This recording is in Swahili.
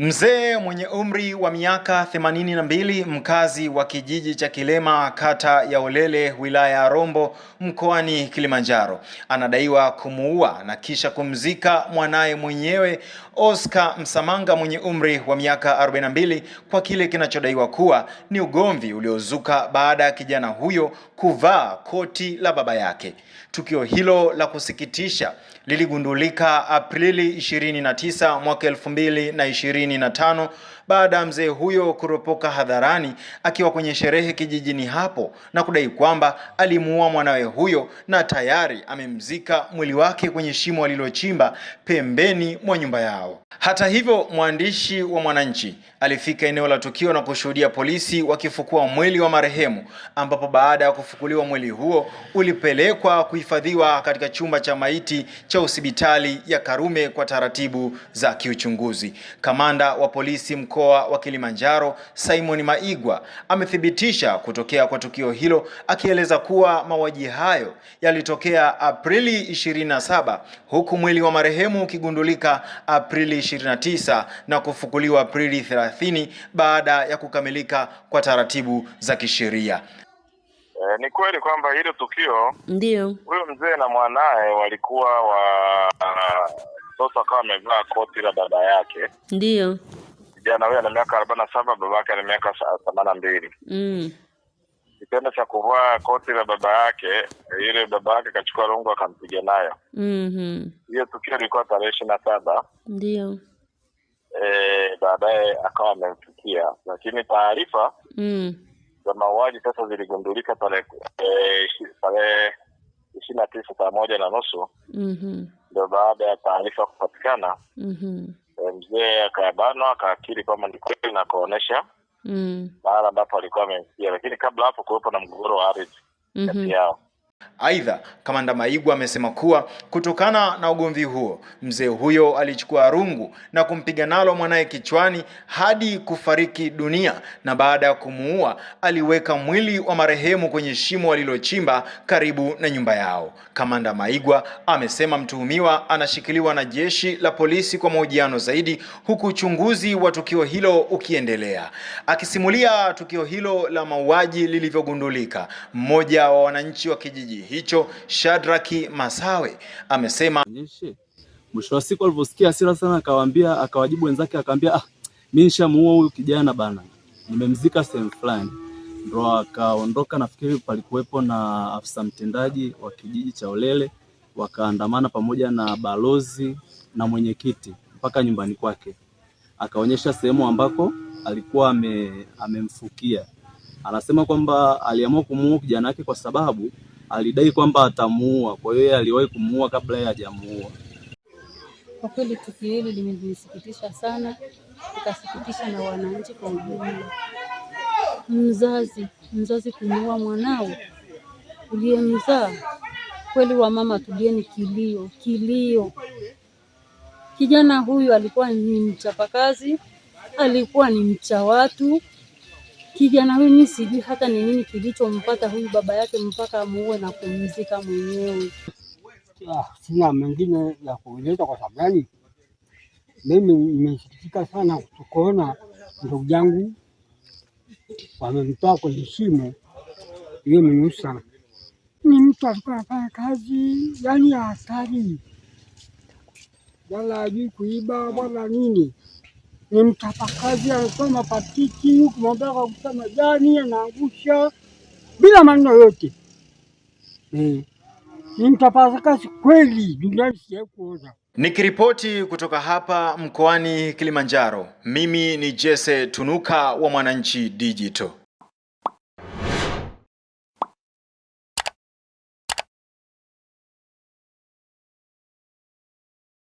Mzee mwenye umri wa miaka 82 mkazi wa kijiji cha Kilema kata ya Olele wilaya ya Rombo mkoani Kilimanjaro anadaiwa kumuua na kisha kumzika mwanaye mwenyewe Oscar Msamanga mwenye umri wa miaka 42 kwa kile kinachodaiwa kuwa ni ugomvi uliozuka baada ya kijana huyo kuvaa koti la baba yake. Tukio hilo la kusikitisha liligundulika Aprili 29 mwaka 2020 hamsini na tano baada ya mzee huyo kuropoka hadharani akiwa kwenye sherehe kijijini hapo na kudai kwamba alimuua mwanawe huyo na tayari amemzika mwili wake kwenye shimo alilochimba pembeni mwa nyumba yao. Hata hivyo, mwandishi wa Mwananchi alifika eneo la tukio na kushuhudia polisi wakifukua mwili wa marehemu, ambapo baada ya kufukuliwa mwili huo ulipelekwa kuhifadhiwa katika chumba cha maiti cha hospitali ya Karume kwa taratibu za kiuchunguzi. Kamanda kamanda wa polisi mkoa wa Kilimanjaro Simon Maigwa amethibitisha kutokea kwa tukio hilo, akieleza kuwa mauaji hayo yalitokea Aprili 27 huku mwili wa marehemu ukigundulika Aprili 29 na kufukuliwa Aprili 30 baada ya kukamilika kwa taratibu za kisheria. E, ni kweli kwamba hilo tukio, ndio huyo mzee na mwanaye walikuwa wa mtoto akawa amevaa koti la baba yake. ndio kijana huyo ana miaka arobaini na saba, baba yake ana miaka themanini na mbili. Mm. Kitendo cha kuvaa koti la baba yake, yule baba yake akachukua rungu akampiga nayo. Mm-hmm. Hiyo tukio ilikuwa tarehe ishirini na saba. ndio E, baadaye akawa amemfikia, lakini taarifa mm. za mauaji sasa ziligundulika tarehe e, tarehe ishirini na tisa saa moja na nusu mm-hmm. baada ya taarifa kupatikana mhm. e, mzee akayabanwa akaakiri kwamba ni kweli na kuonesha mhm. mahala ambapo alikuwa amemsikia, lakini kabla hapo kuwepo na mgogoro wa ardhi mhm. kati yao Aidha, kamanda Maigwa amesema kuwa kutokana na ugomvi huo, mzee huyo alichukua rungu na kumpiga nalo mwanaye kichwani hadi kufariki dunia, na baada ya kumuua aliweka mwili wa marehemu kwenye shimo alilochimba karibu na nyumba yao. Kamanda Maigwa amesema mtuhumiwa anashikiliwa na jeshi la polisi kwa mahojiano zaidi, huku uchunguzi wa tukio hilo ukiendelea. Akisimulia tukio hilo la mauaji lilivyogundulika, mmoja wa wananchi wa kijiji kijiji hicho Shadraki Masawe amesema mwisho wa siku alivyosikia hasira sana, akawaambia akawajibu wenzake akaambia, ah, mimi nishamuua huyu kijana bana, nimemzika sehemu fulani. Ndo akaondoka. Nafikiri palikuwepo na afisa mtendaji wa kijiji cha Olele, wakaandamana pamoja na balozi na mwenyekiti mpaka nyumbani kwake, akaonyesha sehemu ambako alikuwa ame, amemfukia. Anasema kwamba aliamua kumuua kijana wake kwa sababu alidai kwamba atamuua, kwa hiyo aliwahi kumuua kabla yeye hajamuua. Kwa kweli tukio hili limenisikitisha sana, ikasikitisha na wananchi kwa ujumla. Mzazi mzazi kumuua mwanao uliyemzaa, kweli wa mama tulieni kilio, kilio. Kijana huyu alikuwa ni mchapakazi, alikuwa ni mcha watu Kijana huyu mimi sijui hata ni nini kilichompata huyu baba yake mpaka muue na kumzika mwenyewe. Ah, sina mengine ya kueleza kwa sababu gani, mimi nimesikitika sana kuona ndugu yangu wamemtoa kwenye shimo. Hiyo imenihusu sana. Ni mtu alikuwa anafanya kazi yani ya hatari, wala ajui kuiba wala nini ni mtapakazi, anasoma patiki huku mabaya, kagusa majani anaangusha bila maneno yote eh. Ni mtapakazi kweli, duniani sijawahi kuona. Nikiripoti kutoka hapa mkoani Kilimanjaro, mimi ni Jesse Tunuka wa Mwananchi Digital.